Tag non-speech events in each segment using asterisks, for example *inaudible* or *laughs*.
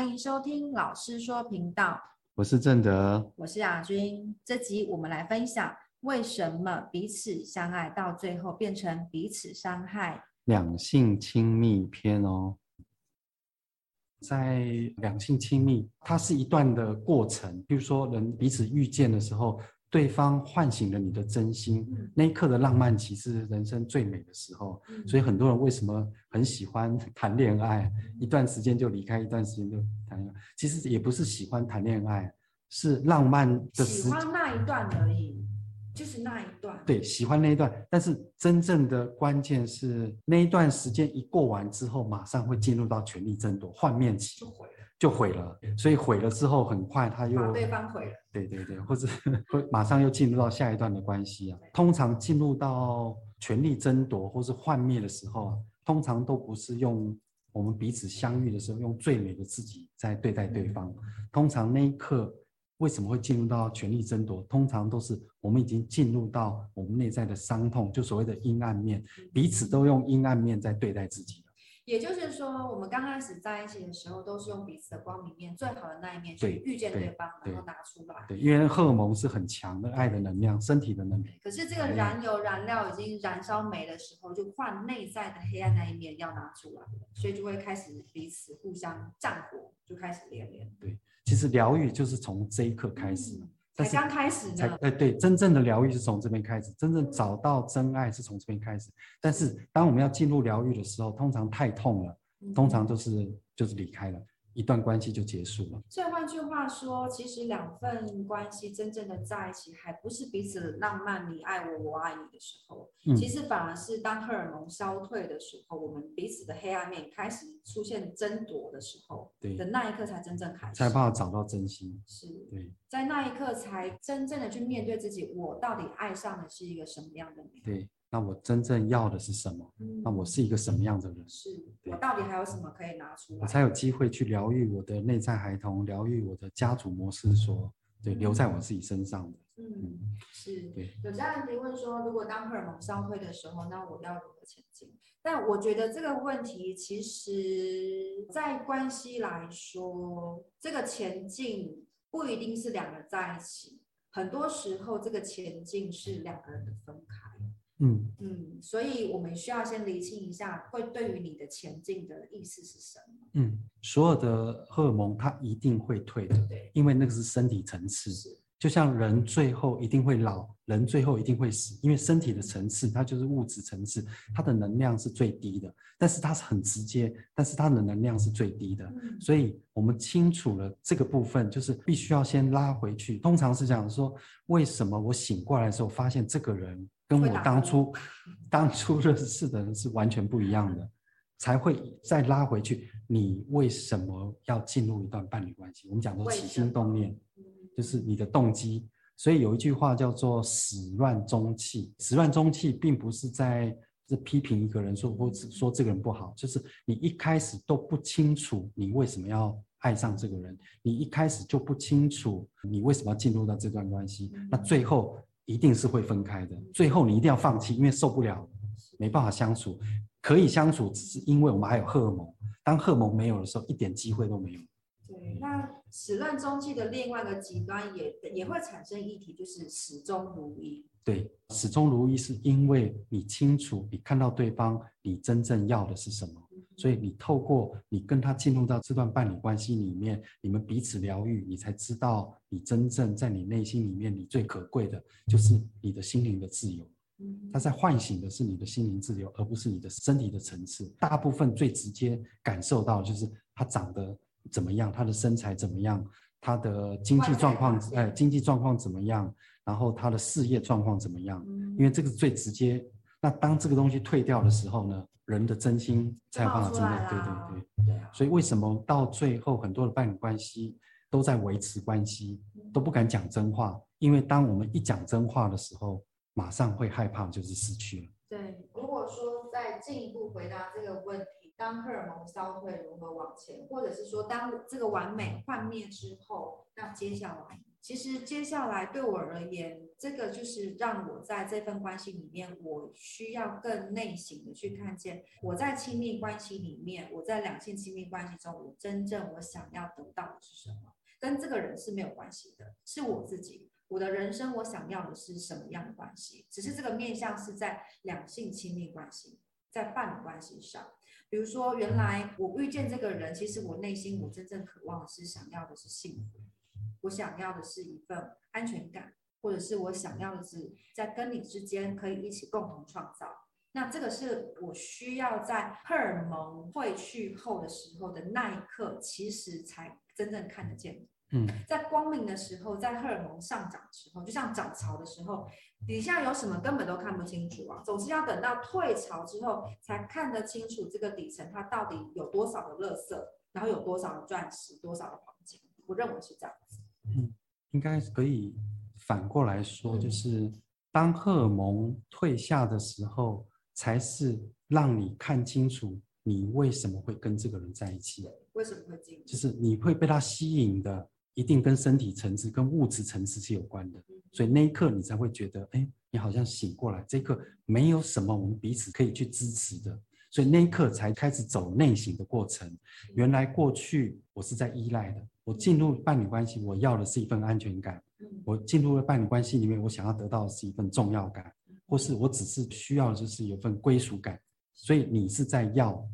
歡迎收聽老施說頻道，我是正德，我是雅君。這集我們來分享為什麼彼此相愛到最後變成彼此傷害。兩性親密篇哦，在兩性親密，它是一段的過程。譬如說，人彼此遇見的時候。對方喚醒了你的真心，嗯、那一刻的浪漫其實是人生最美的時候，嗯。所以很多人為什麼很喜歡談戀愛？嗯、一段時間就離開，一段時間就談戀愛。其實也不是喜歡談戀愛，是浪漫的時候喜歡那一段而已，就是那一段。對，喜歡那一段，但是真正的關鍵是那一段時間一過完之後，馬上會進入到權力爭奪，幻滅期就會。就毀了，所以毀了之後，很快他又把對方毀了。對對對，或者會馬上又進入到下一段的關係啊。通常進入到權力爭奪或是幻滅的時候啊，通常都不是用我們彼此相遇的時候，用最美的自己在對待對方。嗯。通常那一刻為什麼會進入到權力爭奪？通常都是我們已經進入到我們內在的傷痛，就所謂的陰暗面，彼此都用陰暗面在對待自己。也就是說，我們剛開始在一起的時候，都是用彼此的光明面、最好的那一面去遇見對方，對對，然後拿出來對。對，因為荷爾蒙是很強的愛的能量，身體的能量。可是這個燃油燃料已經燃燒沒的時候，就換內在的黑暗那一面要拿出來，所以就會開始彼此互相戰火就開始連連。對，其實療癒就是從這一刻開始。嗯才剛開始呢，對，真正的療癒是從這邊開始，真正找到真愛是從這邊開始。但是，當我們要進入療癒的時候，通常太痛了，通常就是、嗯、就是離開了。一段關係就結束了。所以換句話說，其實兩份關係真正的在一起，還不是彼此浪漫、你愛我、我愛你的時候，嗯、其實反而是當荷爾蒙消退的時候，我們彼此的黑暗面開始出現爭奪的時候對，的那一刻，才真正開始，才怕，我找到真心。是在那一刻才真正的去面對自己，我到底愛上的是一個什麼樣的人？對。那我真正要的是什麼、嗯？那我是一個什麼樣的人？是我到底還有什麼可以拿出來？我才有機會去療癒我的內在孩童，療癒我的家族模式說，說對、嗯，留在我自己身上的。嗯，嗯是對。有家人提問說：如果當荷爾蒙消退的時候，那我要如何前進？但我覺得這個問題，其實在關係來說，這個前進不一定是兩個人在一起，很多時候這個前進是兩個人的分開。嗯嗯嗯，所以我們需要先釐清一下，會對於你的前進的意思是什麼？嗯，所有的荷爾蒙它一定會退的，對，因為那個是身體層次，就像人最後一定會老，人最後一定會死，因為身體的層次它就是物質層次，它的能量是最低的，但是它是很直接，但是它的能量是最低的。嗯，所以我們清楚了這個部分，就是必須要先拉回去。通常是講說，為什麼我醒過來的時候發現這個人？跟我當初 *laughs* 當初認識的人是完全不一樣的，嗯、才會再拉回去。你為什麼要進入一段伴侶關係？我們講說起心動念，就是你的動機。所以有一句話叫做“始亂終棄”。始亂終棄，並不是在在批評一個人說，或者說這個人不好，就是你一開始都不清楚你為什麼要愛上這個人，你一開始就不清楚你為什麼要進入到這段關係，嗯、那最後。一定是會分開的，最後你一定要放棄，因為受不了，沒辦法相處。可以相處，只是因為我們還有荷爾蒙。當荷爾蒙沒有的時候，一點機會都沒有。對，那始亂終棄的另外一個極端也，也也會產生議題，就是始終如一。對，始終如一是因為你清楚，你看到對方，你真正要的是什麼。所以你透過你跟他進入到這段伴侶關係裡面，你們彼此療癒，你才知道你真正在你內心裡面，你最可貴的就是你的心靈的自由。嗯。他在喚醒的是你的心靈自由，而不是你的身體的層次。大部分最直接感受到就是他長得怎麼樣，他的身材怎麼樣，他的經濟狀況，哎，經濟狀況怎麼樣，然後他的事業狀況怎麼樣？嗯。因為這個是最直接。那當這個東西退掉的時候呢，人的真心才有辦法，真的對對對，對、啊。所以為什麼到最後很多的伴侶關係都在維持關係，都不敢講真話？因為當我們一講真話的時候，馬上會害怕，就是失去了。對，如果說再進一步回答這個問題，當荷爾蒙消退如何往前，或者是說當這個完美幻滅之後，那接下來？其實接下來對我而言，這個就是讓我在這份關係裡面，我需要更內省的去看見，我在親密關係裡面，我在兩性親密關係中，我真正我想要得到的是什麼，跟這個人是沒有關係的，是我自己，我的人生我想要的是什麼樣的關係，只是這個面向是在兩性親密關係，在伴侶關係上，比如說原來我遇見這個人，其實我內心我真正渴望的是想要的是幸福。我想要的是一份安全感，或者是我想要的是在跟你之間可以一起共同創造。那這個是我需要在荷爾蒙褪去後的時候的那一刻，其實才真正看得見。嗯，在光明的時候，在荷爾蒙上漲的時候，就像漲潮的時候，底下有什麼根本都看不清楚啊。總是要等到退潮之後才看得清楚這個底層它到底有多少的垃圾，然後有多少的鑽石，多少的黃金。我認為是這樣子。應該可以反過來說，就是當荷爾蒙退下的時候，才是讓你看清楚你為什麼會跟這個人在一起。為什麼會進，就是你會被他吸引的，一定跟身體層次、跟物質層次是有關的。所以那一刻你才會覺得，哎，你好像醒過來。這一刻沒有什麼我們彼此可以去支持的，所以那一刻才開始走內省的過程。原來過去我是在依賴的。我進入伴侶關係，我要的是一份安全感。我進入了伴侶關係裡面，我想要得到的是一份重要感，或是我只是需要的就是有一份歸屬感。所以你是在要，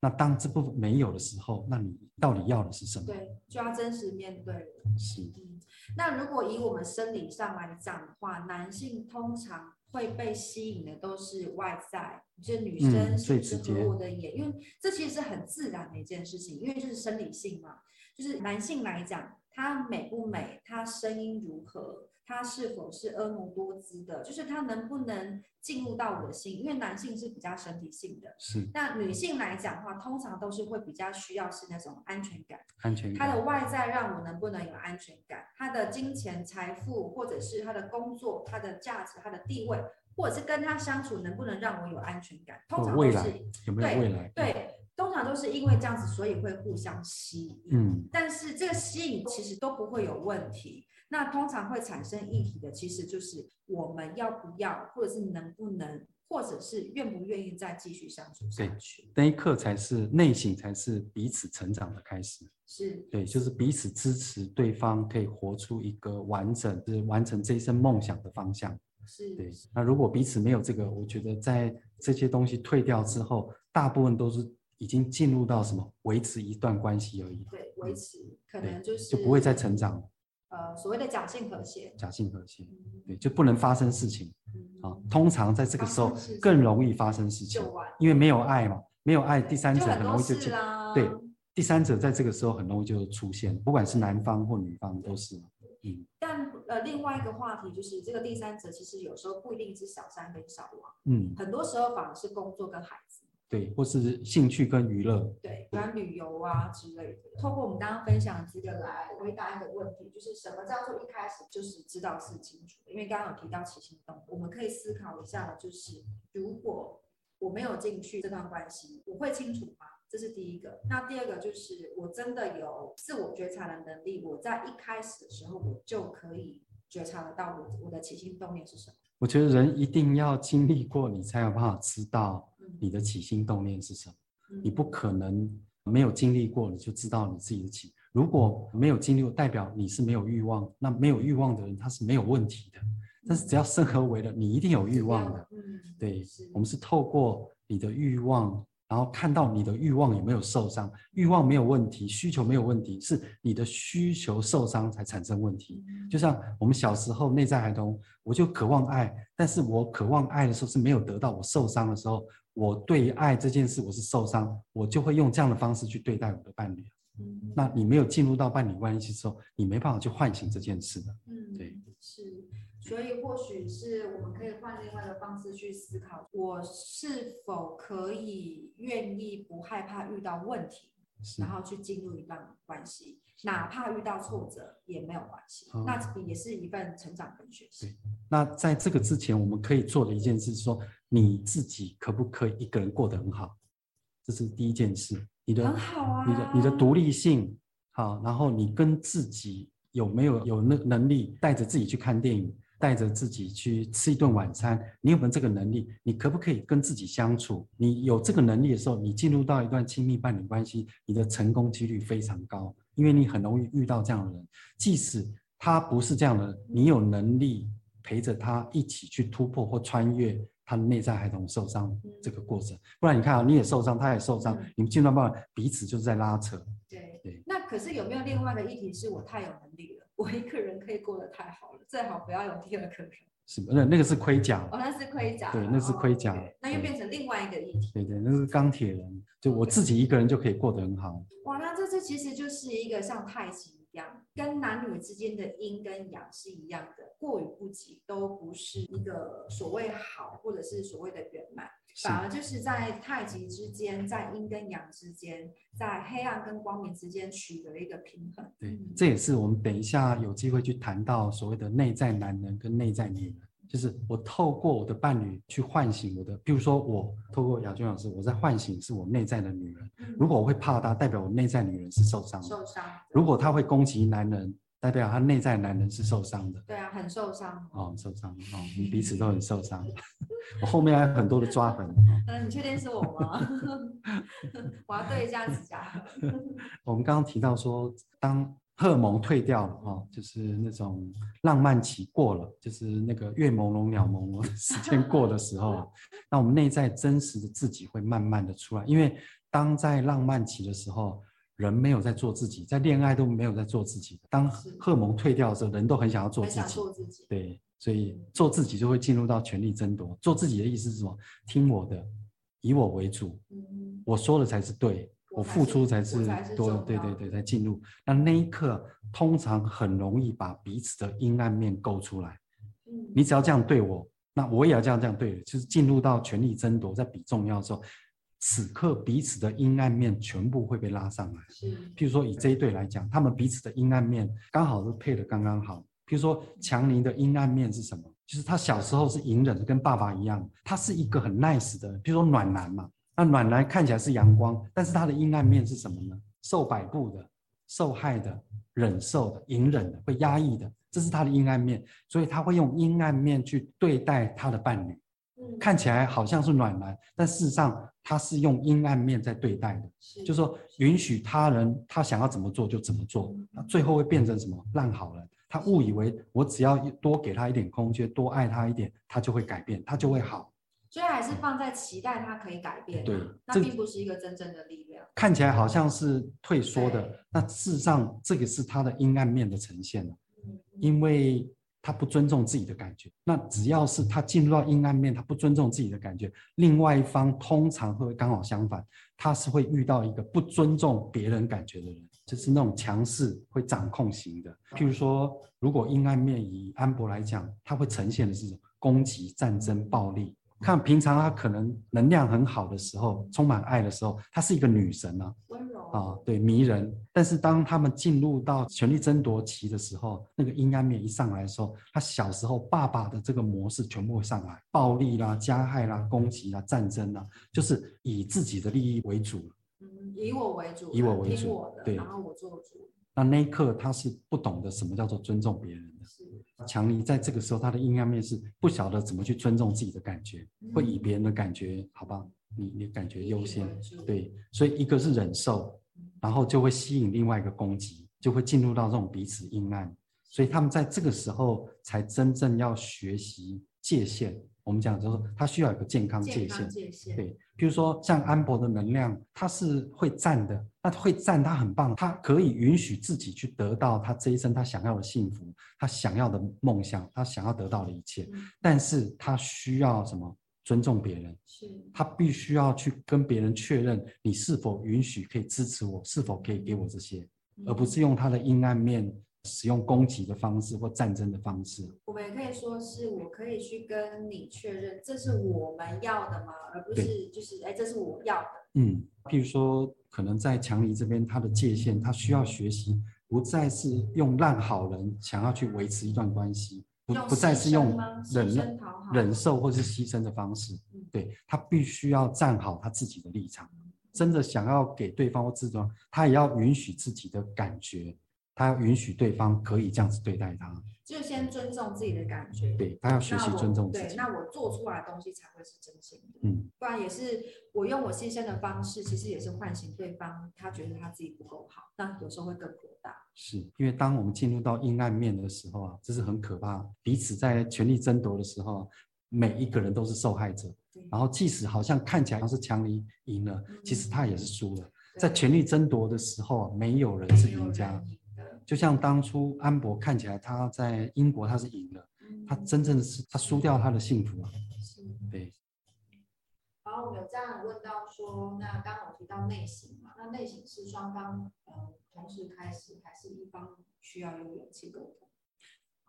那當這部分沒有的時候，那你到底要的是什麼？對，就要真實面對的。是、嗯。那如果以我們生理上來講的話，男性通常會被吸引的都是外在，就女生是合我的眼、嗯，因為這其實是很自然的一件事情，因為就是生理性嘛。就是男性來講，他美不美，他聲音如何，他是否是婀娜多姿的，就是他能不能進入到我的心？因為男性是比較身體性的。是。那女性來講的話，通常都是會比較需要是那種安全感，安全感。他的外在讓我能不能有安全感？他的金錢、財富，或者是他的工作、他的價值、他的地位，或者是跟他相處能不能讓我有安全感？通常都是，未來有沒有未來？對。對。通常都是因為這樣子，所以會互相吸引。嗯，但是這個吸引其實都不會有問題。那通常會產生議題的，其實就是我們要不要，或者是能不能，或者是願不願意再繼續相處下去。對，那一刻才是內省，才是彼此成長的開始。是對，就是彼此支持對方，可以活出一個完整，就是完成這一生夢想的方向。是對。那如果彼此沒有這個，我覺得在這些東西退掉之後，大部分都是。已經進入到什麼維持一段關係而已。對，維持可能就是就不會再成長。呃，所謂的假性和諧。假性和諧、嗯嗯，對，就不能發生事情嗯嗯啊。通常在這個時候更容易發生事情，剛剛事因為沒有愛嘛，沒有愛，第三者很容易就，就對，第三者在這個時候很容易就出現，不管是男方或女方都是。嗯。但呃，另外一個話題就是，這個第三者其實有時候不一定是小三跟小王，嗯，很多時候反而是工作跟孩子。對，或是興趣跟娛樂，對，比如旅遊啊之類的。透過我們剛剛分享幾個來回答一個問題，就是什麼叫做一開始就是知道是清楚的？因為剛剛有提到起心動念，我們可以思考一下，就是如果我沒有進去這段關係，我會清楚嗎？這是第一個。那第二個就是，我真的有自我覺察的能力，我在一開始的時候，我就可以覺察得到我我的起心動念是什麼？我覺得人一定要經歷過，你才有辦法知道。你的起心動念是什麼？你不可能沒有經歷過，你就知道你自己的起。如果沒有經歷，代表你是沒有慾望。那沒有慾望的人，他是沒有問題的。但是只要生而為人，你一定有慾望的。對，我們是透過你的慾望，然後看到你的慾望有沒有受傷。慾望沒有問題，需求沒有問題，是你的需求受傷才產生問題。就像我們小時候內在孩童，我就渴望愛，但是我渴望愛的時候是沒有得到，我受傷的時候。我對於愛這件事，我是受傷，我就會用這樣的方式去對待我的伴侶。嗯，那你沒有進入到伴侶關係之後，你沒辦法去喚醒這件事的。嗯，對，是，所以或許是我們可以換另外的方式去思考，我是否可以願意不害怕遇到問題。是，然後去進入一段關係，哪怕遇到挫折也沒有關係，那也是一份成長跟學習。那在這個之前，我們可以做的一件事是說，你自己可不可以一個人過得很好？這是第一件事，你的很好啊，你的你的獨立性好，然後你跟自己有沒有有能能力帶着自己去看電影？帶着自己去吃一頓晚餐，你有沒有這個能力？你可不可以跟自己相處？你有這個能力的時候，你進入到一段親密伴侶關係，你的成功幾率非常高，因為你很容易遇到這樣的人。即使他不是這樣的人，你有能力陪着他一起去突破或穿越他的內在孩童受傷這個過程，不然你看啊，你也受傷，他也受傷，你們盡量避免彼此就是在拉扯。對對。那可是有沒有另外的議題？是我太有能力了。我一個人可以過得太好了，最好不要有第二個人。是，那那個是盔甲。哦，那是盔甲。對，那是盔甲。哦 okay. 那又變成另外一個議題。對對，對，那是鋼鐵人，就我自己一個人就可以過得很好。Okay. 哇，那這這其實就是一個像太極。跟男女之間的陰跟陽是一樣的，過於不及都不是一個所謂好，或者是所謂的圓滿，反而就是在太極之間，在陰跟陽之間，在黑暗跟光明之間取得一個平衡。對，這也是我們等一下有機會去談到所謂的內在男人跟內在女人。就是我透過我的伴侶去喚醒我的，譬如說我透過雅君老師，我在喚醒是我內在的女人。如果我會怕她，代表我內在女人是受傷；受傷。如果她會攻擊男人，代表她內在男人是受傷的。對啊，很受傷。哦，受傷哦，我們彼此都很受傷。 *laughs* 我後面還有很多的抓痕。嗯， *laughs* 你確定是我嗎？ *laughs* 我要對一下指甲。 *laughs* 我們剛剛提到說，當。荷爾蒙退掉了啊，哦，就是那種浪漫期過了，就是那個月朦朧、鳥朦朧，時間過的時候， *laughs* 那我們內在真實的自己會慢慢的出來。因為當在浪漫期的時候，人沒有在做自己，在戀愛都沒有在做自己。當荷爾蒙退掉的時候，人都很想要做自己。對，所以做自己就會進入到權力爭奪。做自己的意思是說，聽我的，以我為主，我說的才是對。我，我付出才是多，是對，對對對，才進入。那那一刻，通常很容易把彼此的陰暗面勾出來。你只要這樣對我，那我也要這樣這樣對。就是進入到權力爭奪在比重要的時候，此刻彼此的陰暗面全部會被拉上來。譬如說以這一對來講對，他們彼此的陰暗面剛好是配得剛剛好。譬如說強尼的陰暗面是什麼？就是他小時候是隱忍的，跟爸爸一樣，他是一個很 nice 的，譬如說暖男嘛。那暖男看起來是陽光，但是他的陰暗面是什麼呢？受擺佈的、受害的、忍受的、隱忍的、會壓抑的，這是他的陰暗面。所以他會用陰暗面去對待他的伴侶。看起來好像是暖男，但事實上他是用陰暗面在對待的。就是說，允許他人他想要怎麼做就怎麼做，最後會變成什麼？爛好人。他誤以為我只要多給他一點空間，多愛他一點，他就會改變，他就會好。所以還是放在期待他可以改變的、嗯，對，那並不是一個真正的力量。看起來好像是退縮的，那事實上這個是他的陰暗面的呈現、嗯、因為他不尊重自己的感覺。那只要是他進入到陰暗面，他不尊重自己的感覺，另外一方通常會剛好相反，他是會遇到一個不尊重別人感覺的人，就是那種強勢會掌控型的。譬如說，如果陰暗面以安博來講，他會呈現的是什麼？攻擊、戰爭、暴力。看平常她可能能量很好的時候，嗯、充滿愛的時候，她是一個女神呢、啊。溫柔啊、哦，對，迷人。但是當他們進入到權力爭奪期的時候，那個陰暗面一上來的時候，她小時候爸爸的這個模式全部會上來，暴力啦、加害啦、攻擊啦、嗯、戰爭啦、啊，就是以自己的利益為主。嗯，以我為主，以我為主，對，聽我的，然後我做主。那那一刻她是不懂得什麼叫做尊重別人的。強尼在這個時候，他的陰暗面是不曉得怎麼去尊重自己的感覺，會以別人的感覺，好吧？你你感覺優先，對。所以一個是忍受，然後就會吸引另外一個攻擊，就會進入到這種彼此陰暗。所以他們在這個時候才真正要學習界限。我們講就是說，他需要有個健康，健康界限。對，比如說像安博的能量，他是會佔的，那他會佔他很棒，他可以允許自己去得到他這一生他想要的幸福，他想要的夢想，他想要得到的一切。嗯、但是他需要什麼？尊重別人，他必須要去跟別人確認，你是否允許可以支持我，是否可以給我這些，嗯，而不是用他的陰暗面。使用攻擊的方式或戰爭的方式，我們也可以說是我可以去跟你確認，這是我們要的嗎？而不是就是哎，這是我要的。嗯，譬如說，可能在強尼這邊，他的界限，他需要學習，不再是用爛好人想要去維持一段關係，不再是用忍忍受、或是犧牲的方式。嗯、對，他必須要站好他自己的立場，真的想要給對方或自尊，他也要允許自己的感覺。他要允許對方可以這樣子對待他，就先尊重自己的感覺。對，他要學習尊重自己，那對。那我做出來的東西才會是真心的。嗯，不然也是我用我犧牲的方式，其實也是喚醒對方，他覺得他自己不夠好。但有時候會更擴大，是因為當我們進入到陰暗面的時候啊，這是很可怕。彼此在權力爭奪的時候，每一個人都是受害者。然後即使好像看起來他是強尼贏了，其實他也是輸了。在權力爭奪的時候，沒有人是贏家。就像當初安柏看起來他在英國他是贏了，嗯、他真正的是他輸掉他的幸福對。然後我們有這樣問到說，那剛我提到內心嘛，那內心是雙方呃同時開始，還是一方需要有勇氣溝通？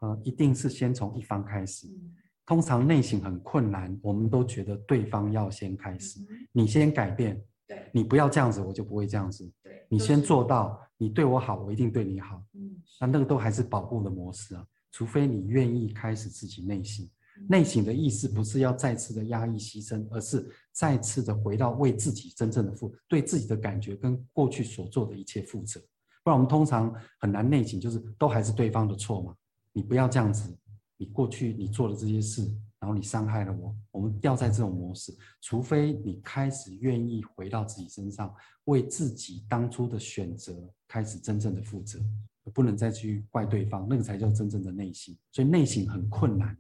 呃，一定是先從一方開始，嗯。通常內心很困難，我們都覺得對方要先開始，嗯、你先改變。你不要這樣子，我就不會這樣子。你先做到，你對我好，我一定對你好。嗯，那那個都還是保護的模式啊，除非你願意開始自己內省。內省的意思不是要再次的壓抑、犧牲，而是再次的回到為自己真正的負，對自己的感覺跟過去所做的一切負責。不然我們通常很難內省，就是都還是對方的錯嘛。你不要這樣子，你過去你做的這些事。然後你傷害了我，我們掉在這種模式，除非你開始願意回到自己身上，為自己當初的選擇開始真正的負責，不能再去怪對方，那個才叫真正的內省。所以內省很困難，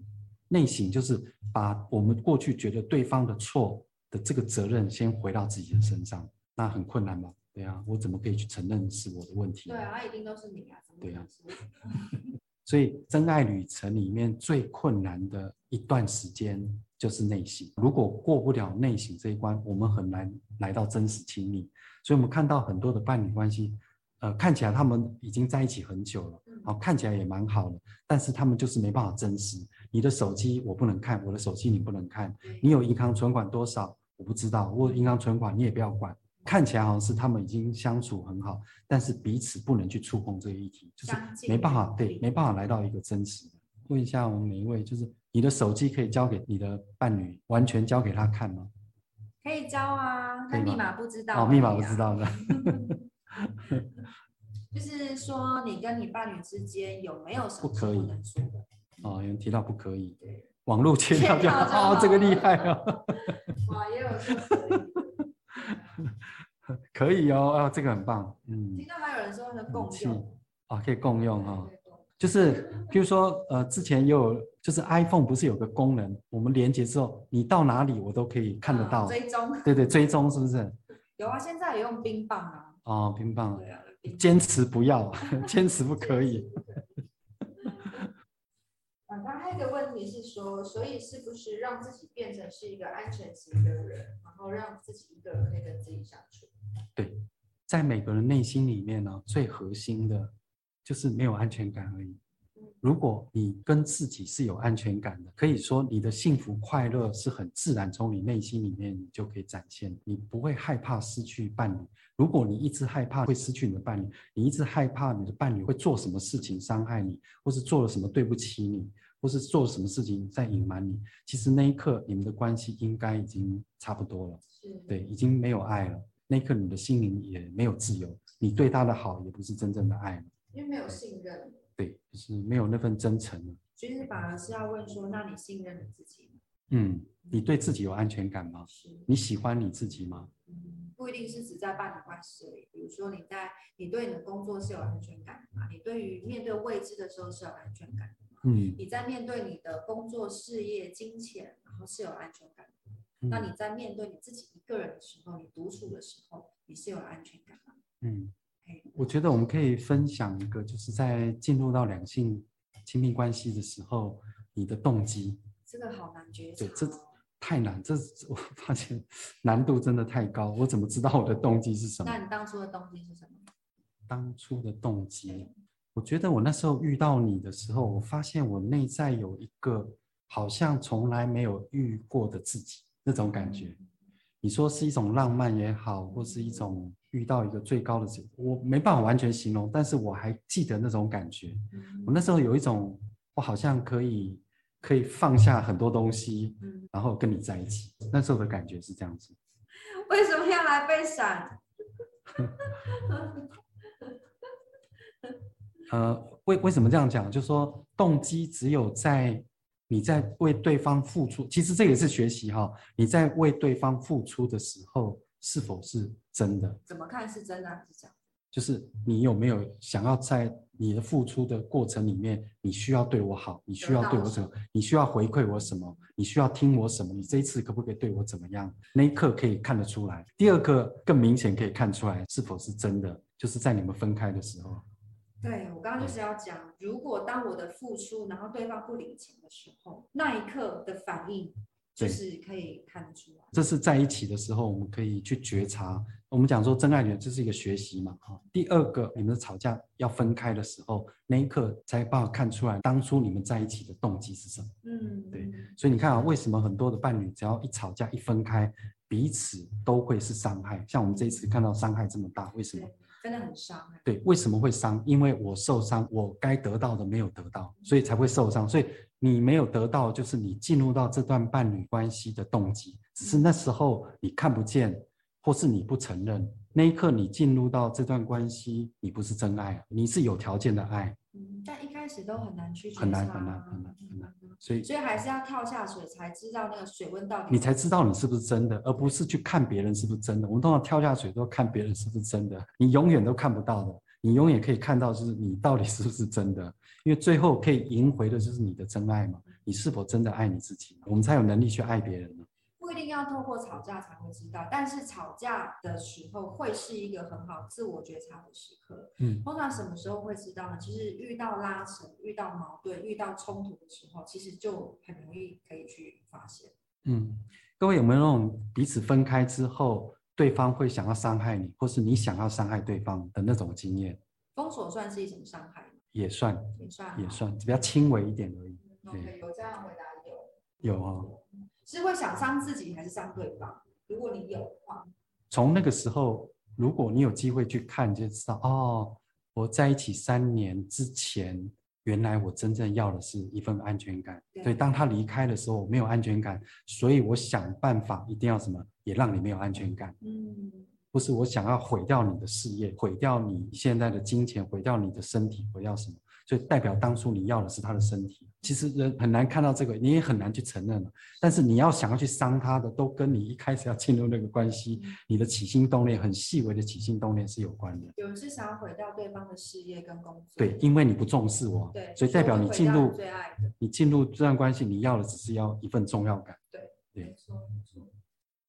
內省就是把我們過去覺得對方的錯的這個責任先回到自己的身上，那很困難嗎？對啊，我怎麼可以去承認是我的問題？對啊，他一定都是你啊！對啊， *laughs* 所以真愛旅程裡面最困難的。一段時間就是內省，如果過不了內省這一關，我們很難來到真實親密。所以我們看到很多的伴侶關係，呃，看起來他們已經在一起很久了，好、哦，看起來也蠻好了，但是他們就是沒辦法真實。你的手機我不能看，我的手機你不能看。你有銀行存款多少我不知道，我有銀行存款你也不要管。看起來好像是他們已經相處很好，但是彼此不能去觸碰這個議題，就是沒辦法，對，沒辦法來到一個真實的。問一下我們每一位，就是。你的手機可以交給你的伴侶，完全交給他看嗎？可以交啊，但密碼不知道。哦、啊、密碼不知道的。 *laughs* *laughs* 就是說，你跟你伴侶之間有沒有什麼不可以哦，有人提到不可以。網絡切掉啊，這個厲害哦， *laughs* 哇，也有。可以， *laughs* 可以哦，哦，這個很棒。嗯。聽到還有人說，是共用。啊、嗯哦，可以共用啊、哦。對對對就是，譬如說，呃，之前也有，就是 iPhone 不是有個功能，我們連接之後，你到哪裡我都可以看得到，啊、追蹤，對對，追蹤是不是？有啊，現在也用冰棒啊。哦，啊、冰棒，堅持不要， *laughs* 堅持不可以。嗯、啊，那還有一個問題是說，所以是不是讓自己變成是一個安全型的人，然後讓自己一個人可以跟自己相處？對，在每個人內心裡面呢、啊，最核心的。就是沒有安全感而已。如果你跟自己是有安全感的，可以說你的幸福快樂是很自然，從你內心裡面你就可以展現。你不會害怕失去伴侶。如果你一直害怕會失去你的伴侶，你一直害怕你的伴侶會做什麼事情傷害你，或是做了什麼對不起你，或是做了什麼事情在隱瞞你，其實那一刻你們的關係應該已經差不多了。對，已經沒有愛了。那一刻你的心靈也沒有自由，你對他的好也不是真正的愛了。因為沒有信任，對，就是沒有那份真誠。其實反而是要問說：那你信任你自己嗎？嗯，你對自己有安全感嗎？是。你喜歡你自己嗎？嗯，不一定是只在伴侶關係裡。比如說你在你對你的工作是有安全感的嘛，你對於面對未知的時候是有安全感的嘛。嗯，你在面對你的工作、事業、金錢，然後是有安全感的。嗯。那你在面對你自己一個人的時候，你獨處的時候，你是有安全感的。嗯。我覺得我們可以分享一個，就是在進入到兩性親密關係的時候，你的動機。這個好難抉擇哦。對，這太難，這我發現難度真的太高。我怎麼知道我的動機是什麼？那你當初的動機是什麼？當初的動機，我覺得我那時候遇到你的時候，我發現我內在有一個好像從來沒有遇過的自己那種感覺。你說是一種浪漫也好，或是一種遇到一個最高的情，我沒辦法完全形容，但是我還記得那種感覺。我那時候有一種，我好像可以可以放下很多東西，然後跟你在一起。那時候的感覺是這樣子。為什麼要來備選？ *laughs* 呃，為為什麼這樣講？就是說動機只有在。你在為對方付出，其實這也是學習哈、哦。你在為對方付出的時候，是否是真的？怎麼看是真的還是假？就是你有沒有想要在你的付出的過程裡面，你需要對我好，你需要對我什麼？你需要回饋我什麼？你需要聽我什麼？你這一次可不可以對我怎麼樣？那一刻可以看得出來。第二個更明顯可以看出來是否是真的，就是在你們分開的時候。對，我剛剛就是要講，如果當我的付出，然後對方不領情的時候，那一刻的反應，就是可以看得出來。這是在一起的時候，我們可以去覺察。我們講說真愛侶，這是一個學習嘛，哈、哦。第二個，你們的吵架要分開的時候，那一刻才把我看出來當初你們在一起的動機是什麼。嗯，對。所以你看啊、哦，為什麼很多的伴侶只要一吵架一分開，彼此都會是傷害？像我們這一次看到傷害這麼大，為什麼？真的很傷啊。對，為什麼會傷？因為我受傷，我該得到的沒有得到，所以才會受傷。所以你沒有得到，就是你進入到這段伴侶關係的動機，只是那時候你看不見，或是你不承認。那一刻你進入到這段關係，你不是真愛，你是有條件的愛。嗯，但一開始都很難去。很難很難很難很難。很難很難所以，所以還是要跳下水才知道那個水溫到底，你才知道你是不是真的，而不是去看別人是不是真的。我們通常跳下水都看別人是不是真的，你永遠都看不到的。你永遠可以看到，就是你到底是不是真的，因為最後可以贏回的就是你的真愛嘛。你是否真的愛你自己？我們才有能力去愛別人呢。一定要透過吵架才會知道，但是吵架的時候會是一個很好自我覺察的時刻。嗯，通常什麼時候會知道呢？其實就是遇到拉扯、遇到矛盾、遇到衝突的時候，其實就很容易可以去發現。嗯，各位有沒有那種彼此分開之後，對方會想要傷害你，或是你想要傷害對方的那種經驗？封鎖算是一種傷害嗎？也算，算也算，也算比較輕微一點而已。嗯，okay。有這樣回答？有，有啊，哦。有是會想傷自己還是傷對方？如果你有的話，從那個時候，如果你有機會去看，你就知道哦，我在一起三年之前，原來我真正要的是一份安全感。所以當他離開的時候，我沒有安全感，所以我想辦法一定要什麼，也讓你沒有安全感。嗯，不是我想要毀掉你的事業，毀掉你現在的金錢，毀掉你的身體，毀掉什麼？就代表當初你要的是他的身體，其實人很難看到這個，你也很難去承認了，但是你要想要去傷他的，都跟你一開始要進入那個關係，嗯、你的起心動念，很細微的起心動念，是有關的。有人是想要毀掉對方的事業跟工作。對，因為你不重視我。對，所以代表你進入最愛的，你進入這段關係，你要的只是要一份重要感。對，對沒錯沒錯。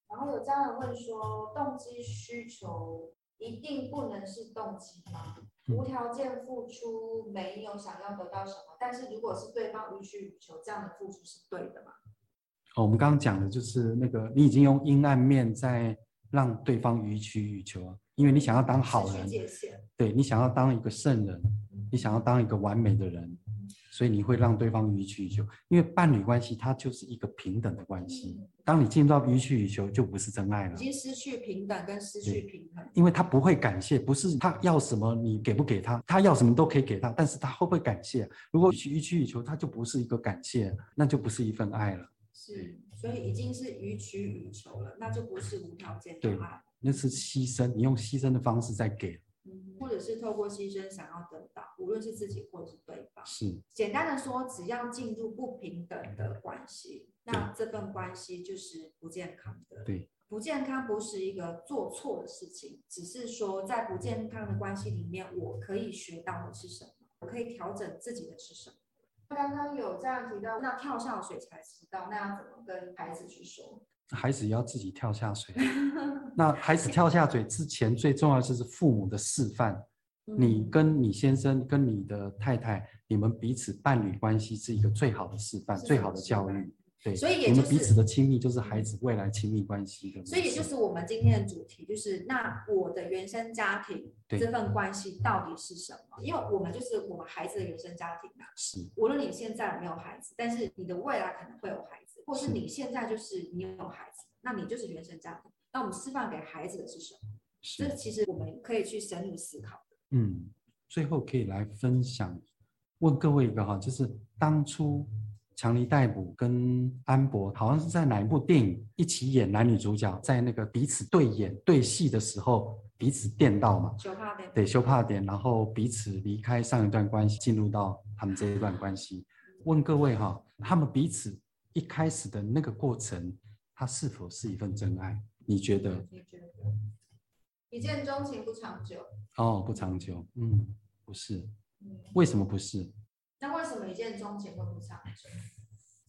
然後有家人會說，動機需求。一定不能是動機嗎？無條件付出，沒有想要得到什麼。但是如果是對方予取予求，這樣的付出是對的嗎？哦，我們剛剛講的就是那個，你已經用陰暗面在讓對方予取予求啊，因為你想要當好人。對，你想要當一個聖人，你想要當一個完美的人。所以你會讓對方予取予求，因為伴侶關係它就是一個平等的關係。嗯，當你進入到予取予求，就不是真愛了。已經失去平等跟失去平衡。因為他不會感謝，不是他要什麼你給不給他，他要什麼都可以給他，但是他會不會感謝？如果予取予求，他就不是一個感謝，那就不是一份愛了。是，所以已經是予取予求了。嗯，那就不是無條件的愛。對，那是犧牲，你用犧牲的方式在給。或者是透過犧牲想要得到，無論是自己或者是對方。是，簡單的說，只要進入不平等的關係，那這份關係就是不健康的。對，不健康不是一個做錯的事情，只是說在不健康的關係裡面，我可以學到的是什麼，我可以調整自己的是什麼。剛剛有這樣提到，那跳下水才知道，那要怎麼跟孩子去說？孩子要自己跳下水，那孩子跳下水之前，最重要就是父母的示範。你跟你先生、跟你的太太，你們彼此伴侶關係是一個最好的示範，最好的教育。所以也就是，我們彼此的親密就是孩子未來親密關係的關係。所以，就是我們今天的主題，就是那我的原生家庭這份關係到底是什麼？因為我們就是我們孩子的原生家庭嘛。是。無論你現在沒有孩子，但是你的未來可能會有孩子，或是你現在就是你有孩子，那你就是原生家庭。那我們示範給孩子的是什麼？是。這其實我們可以去深入思考。嗯，最後可以來分享，問各位一個哈，就是當初。強尼戴普跟安柏好像是在哪一部電影一起演男女主角，在那個彼此對演對戲的時候，彼此電到嘛？修怕點，對，修怕點，然後彼此離開上一段關係，進入到他們這一段關係。嗯、問各位哈、哦，他們彼此一開始的那個過程，它是否是一份真愛？你覺得？嗯、你覺得一見鍾情不長久？哦，不長久，嗯，不是，嗯、為什麼不是？那為什麼一見鍾情都不長久？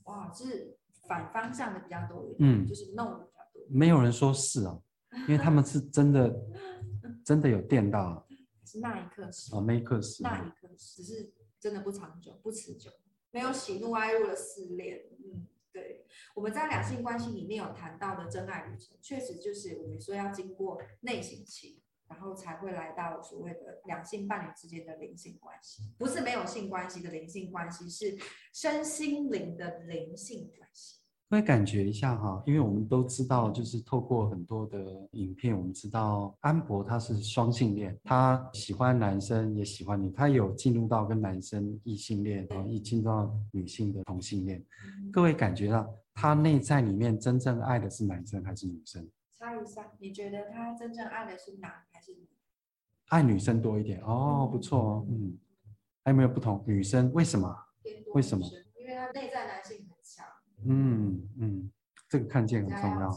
哇，就是反方向的比較多一點，嗯，就是弄的比較多，沒有人說是啊，因為他們是真的， *laughs* 真的有電到。是那一刻是。哦，那一刻是那一刻。那一刻是，只是真的不長久，不持久，沒有喜怒哀樂的試煉。嗯，對，我們在兩性關係裡面有談到的真愛旅程，確實就是我們說要經過內省期。然後才會來到所謂的兩性伴侶之間的靈性關係，不是沒有性關係的靈性關係，是身心靈的靈性關係。各位感覺一下哈，因為我們都知道，就是透過很多的影片，我們知道安柏他是雙性戀，嗯、他喜歡男生也喜歡你，他有進入到跟男生異性戀，嗯、然後一進入到女性的同性戀，嗯。各位感覺到他內在裡面真正愛的是男生還是女生？一下，你覺得他真正愛的是男還是女？愛女生多一點哦，不錯哦，嗯。還有沒有不同？女生為什麼？為什麼？因為他內在男性很強。嗯嗯，這個看見很重要。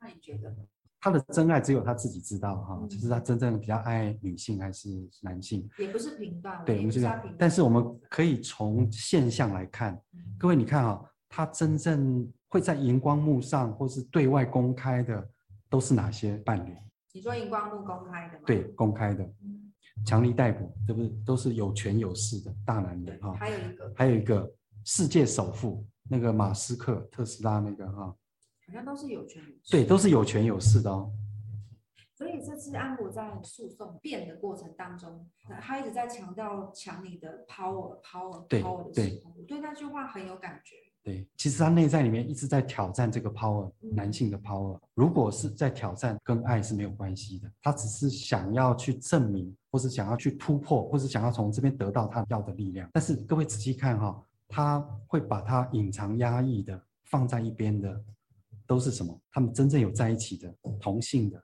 那你覺得？他的真愛只有他自己知道哈、嗯啊，就是他真正比較愛女性還是男性？也不是評判，對，我們是，是這樣。但是我們可以從現象來看，嗯、各位你看啊、哦，他真正。會在熒光幕上，或是對外公開的，都是哪些伴侶？你說熒光幕公開的嗎？對，公開的，嗯、強尼戴普，對不對？都是有權有勢的大男人哈、哦，還有一個，還有一個世界首富，那個馬斯克，特斯拉那個哈、哦，好像都是有權有勢的對，都是有權有勢的哦。所以這次安柏在訴訟辯的過程當中，他一直在強調強尼的 power，power，power power, power 的時候，對對我對那句話很有感覺。對，其實他內在裡面一直在挑戰這個 power，男性的 power。如果是在挑戰，跟愛是沒有關係的，他只是想要去證明，或是想要去突破，或是想要從這邊得到他要的力量。但是各位仔細看哈，他會把他隱藏、壓抑的放在一邊的，都是什麼？他們真正有在一起的同性的。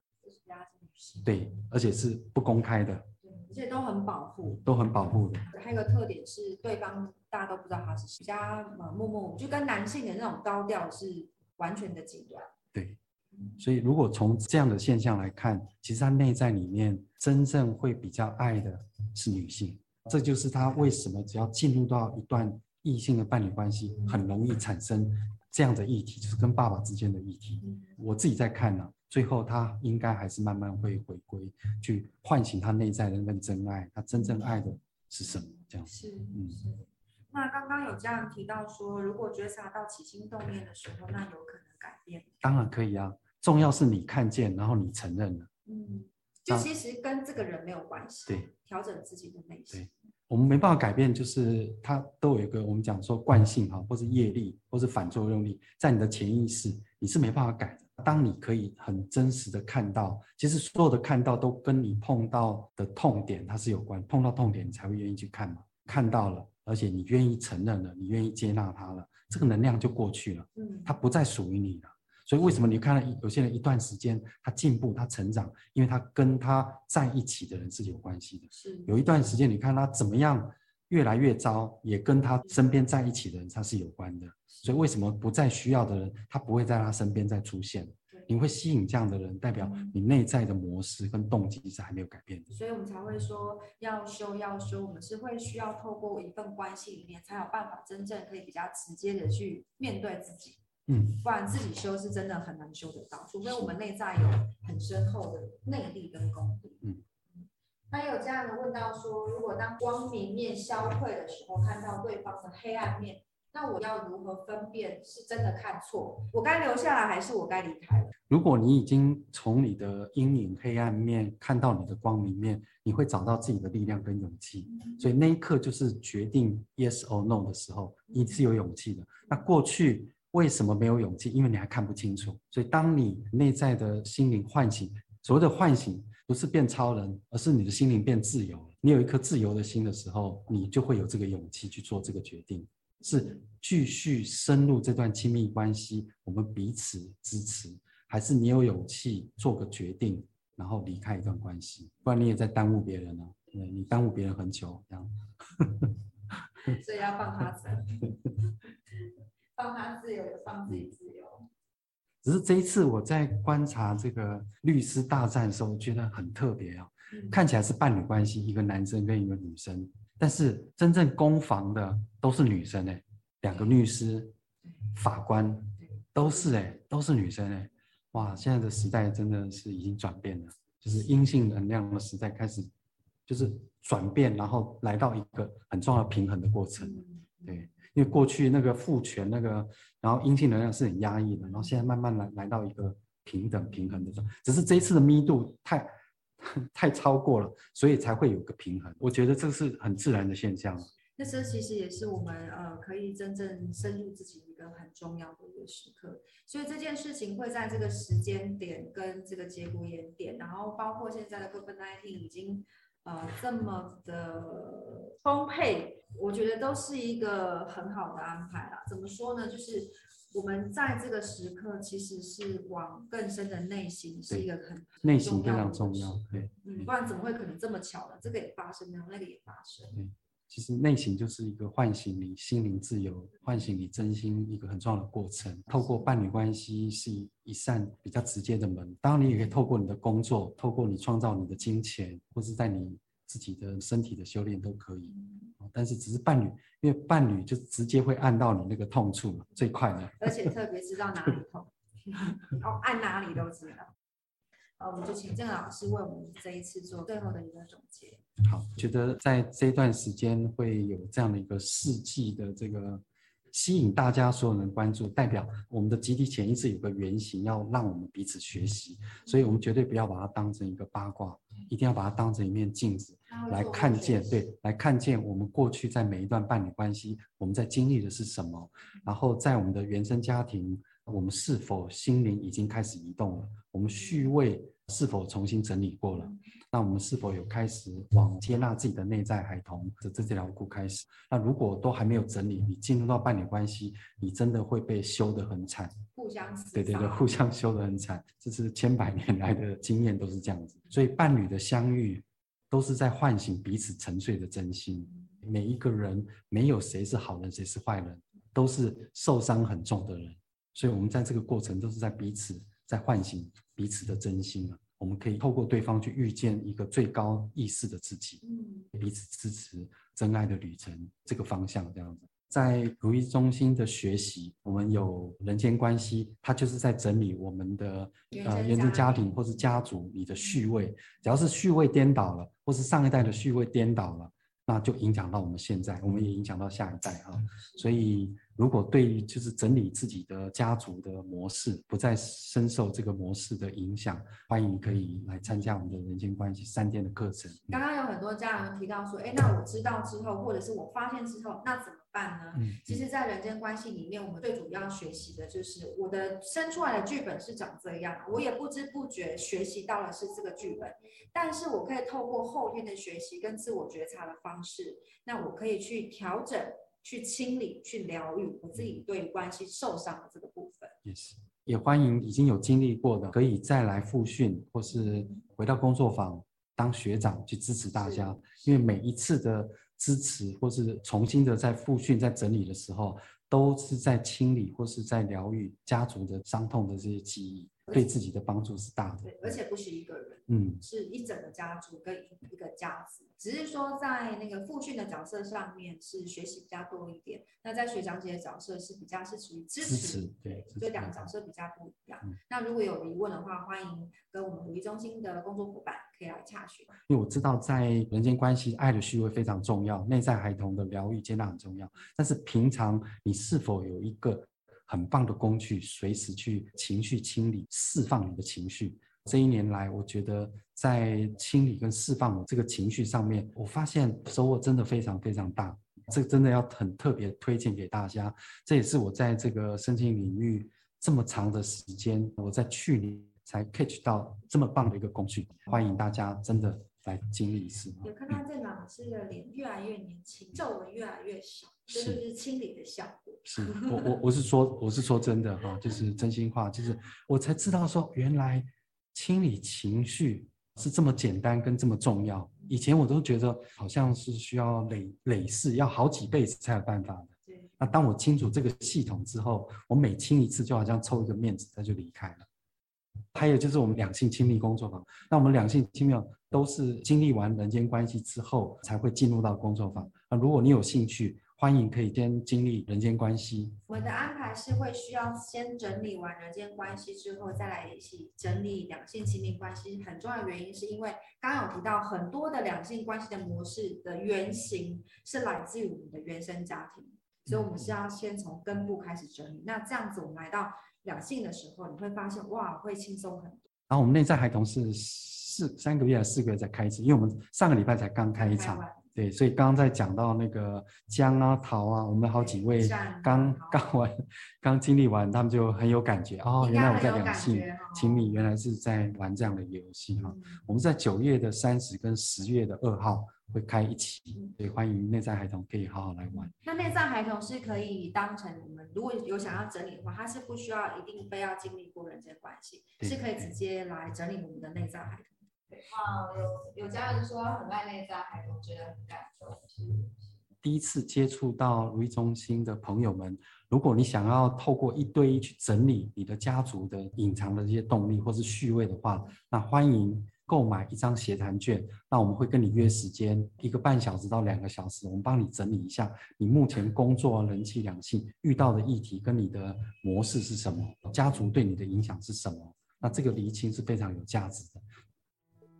對，而且是不公開的。而且都很保護，都很保護的。還有一個特點是，對方大家都不知道他是誰，家默默就跟男性的那種高調是完全的極端。對，所以如果從這樣的現象來看，其實他內在裡面真正會比較愛的是女性，這就是他為什麼只要進入到一段異性的伴侶關係，很容易產生這樣的議題，就是跟爸爸之間的議題。嗯，我自己在看呢，啊。最後，他應該還是慢慢會回歸，去喚醒他內在的那份真愛。他真正愛的是什麼？這樣是，是嗯。那剛剛有這樣提到說，如果覺察到起心動念的時候，那有可能改變。當然可以啊，重要是你看見，然後你承認了。嗯，就其實跟這個人沒有關係。嗯、對，調整自己的內心。對，我們沒辦法改變，就是他都有一個我們講說慣性哈、啊，或是業力，或是反作用力，在你的潛意識，你是沒辦法改的。當你可以很真實的看到，其實所有的看到都跟你碰到的痛點它是有關，碰到痛點你才會願意去看嘛。看到了，而且你願意承認了，你願意接納它了，這個能量就過去了，嗯，它不再屬於你了。所以為什麼你看到有些人一段時間他進步、他成長，因為他跟他在一起的人是有關係的。有一段時間你看他怎麼樣。越來越糟，也跟他身邊在一起的人他是有關的。所以為什麼不再需要的人，他不會在他身邊再出現？你會吸引這樣的人，代表你內在的模式跟動機是還沒有改變。所以我們才會說要修要修，我們是會需要透過一份關係裡面，才有辦法真正可以比較直接的去面對自己。嗯，不然自己修是真的很難修得到，除非我們內在有很深厚的內力跟功力。嗯。那有這樣的問到說：如果當光明面消退的時候，看到對方的黑暗面，那我要如何分辨是真的看錯？我該留下來還是我該離開？如果你已經從你的陰影、黑暗面看到你的光明面，你會找到自己的力量跟勇氣。嗯、所以那一刻就是決定 yes or no 的時候，你是有勇氣的、嗯。那過去為什麼沒有勇氣？因為你還看不清楚。所以當你內在的心靈喚醒，所謂的喚醒。不是變超人，而是你的心靈變自由。你有一顆自由的心的時候，你就會有這個勇氣去做這個決定：是繼續深入這段親密關係，我們彼此支持；還是你有勇氣做個決定，然後離開一段關係？不然你也在耽誤別人了、啊。對，你耽誤別人很久，這樣。 *laughs* 所以要放他走，放他自由，放自己自由。只是這一次我在觀察這個律師大戰的時候，我覺得很特別哦，啊，看起來是伴侶關係，一個男生跟一個女生，但是真正攻防的都是女生哎，兩個律師、法官都是哎，都是女生哎。哇，現在的時代真的是已經轉變了，就是陰性能量的時代開始，就是轉變，然後來到一個很重要的平衡的過程。對，因為過去那個父權那個。然後陰性能量是很壓抑的，然後現在慢慢來來到一個平等平衡的狀態，只是這一次的密度太太超過了，所以才會有個平衡。我覺得這是很自然的現象。那這其實也是我們呃可以真正深入自己一個很重要的一個時刻，所以這件事情會在這個時間點跟這個節骨眼點，然後包括現在的 COVID-19 已經。呃，這麼的豐沛，我覺得都是一個很好的安排了。怎麼說呢？就是我們在這個時刻，其實是往更深的內心是一個很重要的時刻，內心非常重要，嗯，不然怎麼會可能這麼巧呢？這個也發生了，那個也發生，其實內省，就是一個喚醒你心靈自由，喚醒你真心一個很重要的過程。透過伴侶關係是一扇比較直接的門，當然你也可以透過你的工作，透過你創造你的金錢，或是在你自己的身體的修煉都可以。但是只是伴侶，因為伴侶就直接會按到你那個痛處嘛，最快的，而且特別知道哪裡痛， *laughs* 哦，按哪裡都知道。啊，我們就請鄭老師為我們這一次做最後的一個總結。好，覺得在這段時間會有這樣的一個事蹟的這個吸引大家所有人的關注，代表我們的集體潛意識有個原型，要讓我們彼此學習、嗯。所以我們絕對不要把它當成一個八卦，嗯、一定要把它當成一面鏡子會會來看見，對，來看見我們過去在每一段伴侶關係我們在經歷的是什麼、嗯，然後在我們的原生家庭。我們是否心靈已經開始移動了？我們序位是否重新整理過了？那我們是否有開始往接納自己的內在孩童這這這兩步開始？那如果都還沒有整理，你進入到伴侶關係，你真的會被修得很慘，互相對對對，互相修得很慘，這是千百年來的經驗都是這樣子。所以伴侶的相遇都是在喚醒彼此沉睡的真心。每一個人沒有誰是好人，誰是壞人，都是受傷很重的人。所以，我們在這個過程都是在彼此在喚醒彼此的真心啊。我們可以透過對方去遇見一個最高意識的自己，彼此支持真愛的旅程，這個方向這樣子。在如意中心的學習，我們有人間關係，它就是在整理我們的呃原生家庭或是家族你的序位。只要是序位顛倒了，或是上一代的序位顛倒了，那就影響到我們現在，我們也影響到下一代哈，啊，所以。如果對於就是整理自己的家族的模式，不再深受這個模式的影響，歡迎你可以來參加我們的人間關係三天的課程。剛剛有很多家人提到說，誒，那我知道之後，或者是我發現之後，那怎麼辦呢？嗯，其實，在人間關係裡面，我們最主要學習的就是我的生出來的劇本是長這樣，我也不知不覺學習到了是這個劇本，但是我可以透過後天的學習跟自我覺察的方式，那我可以去調整。去清理、去療癒我自己對關係受傷的這個部分，也、yes. 是也歡迎已經有經歷過的可以再來複訓，或是回到工作坊當學長去支持大家，因為每一次的支持或是重新的在複訓、在整理的時候，都是在清理或是在療癒家族的傷痛的這些記憶。對自己的幫助是大的，對，而且不是一個人，嗯，是一整個家族跟一個家族，只是說在那個複訓的角色上面是學習比較多一點，那在學長姐的角色是比較是屬於支，支持，對，這兩個角色比較不一樣，嗯。那如果有疑問的話，歡迎跟我們武夷中心的工作夥伴可以來洽詢。因為我知道在人間關係、愛的序位非常重要，內在孩童的療癒、接納很重要，但是平常你是否有一個？很棒的工具，隨時去情緒清理、釋放你的情緒。這一年來，我覺得在清理跟釋放我這個情緒上面，我發現收穫真的非常非常大。這個真的要很特別推薦給大家。這也是我在這個身心領域這麼長的時間，我在去年才 catch 到這麼棒的一個工具。歡迎大家，真的。來經歷一次，有看到鄭老師的臉越來越年輕，皺紋越來越少，這就是清理的效果。是，我我我是說，我是說真的哈，就是真心話，就是我才知道說，原來清理情緒是這麼簡單跟這麼重要。以前我都覺得好像是需要累累世，要好幾輩子才有辦法的。對。那當我清楚這個系統之後，我每清一次就好像抽一個面子，他就離開了。還有就是我們兩性親密工作坊，那我們兩性親密。都是經歷完人間關係之後，才會進入到工作坊。那、呃、如果你有興趣，歡迎可以先經歷人間關係。我的安排是會需要先整理完人間關係之後，再來一起整理兩性親密關係。很重要的原因是因為剛剛有提到，很多的兩性關係的模式的原型是來自於我們的原生家庭，所以我們是要先從根部開始整理。那這樣子，我們來到兩性的時候，你會發現哇，會輕鬆很多。然後我們內在孩童是。是三個月還是四個月才開一次？因為我們上個禮拜才剛開一場，對，所以剛剛在講到那個江啊、桃啊，我們好幾位剛剛，剛完、剛經歷完，他們就很有感覺，哦感覺。原來我在兩性親密，哦、原來是在玩這樣的遊戲哈、嗯啊。我們在九月的三十跟十月的二號會開一期，對、嗯，歡迎內在孩童可以好好來玩。嗯、那內在孩童是可以當成我們如果有想要整理的話，他是不需要一定非要經歷過人間關係，是可以直接來整理我們的內在孩童。對，有、哦、有家人說很愛內家，還是覺得很感動。第一次接觸到如意中心的朋友們，如果你想要透過一對一去整理你的家族的隱藏的這些動力或是序位的話，那歡迎購買一張協談券。那我們會跟你約時間，一個半小時到兩個小時，我們幫你整理一下你目前工作、人際兩性遇到的議題跟你的模式是什麼，家族對你的影響是什麼。那這個釐清是非常有價值的。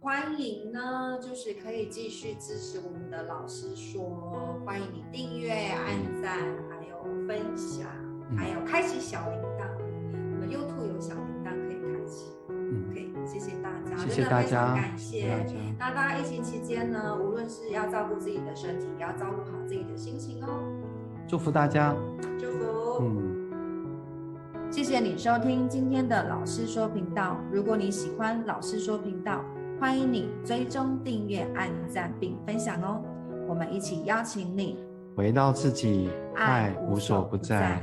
歡迎呢，就是可以繼續支持我們的老施說，歡迎你訂閱、按讚，嗯、還有分享、嗯，還有開啟小鈴鐺，我們 YouTube 有小鈴鐺，鐺可以開啟，嗯，可以，謝謝大家，謝謝大家，感謝。那大家疫情期間呢，無論是要照顧自己的身體，也要照顧好自己的心情哦。祝福大家，祝福。嗯、謝謝你收聽今天的老施說頻道。如果你喜歡老施說頻道，歡迎你追蹤、訂閱、按讚並分享哦！我們一起邀請你回到自己，愛無所不在。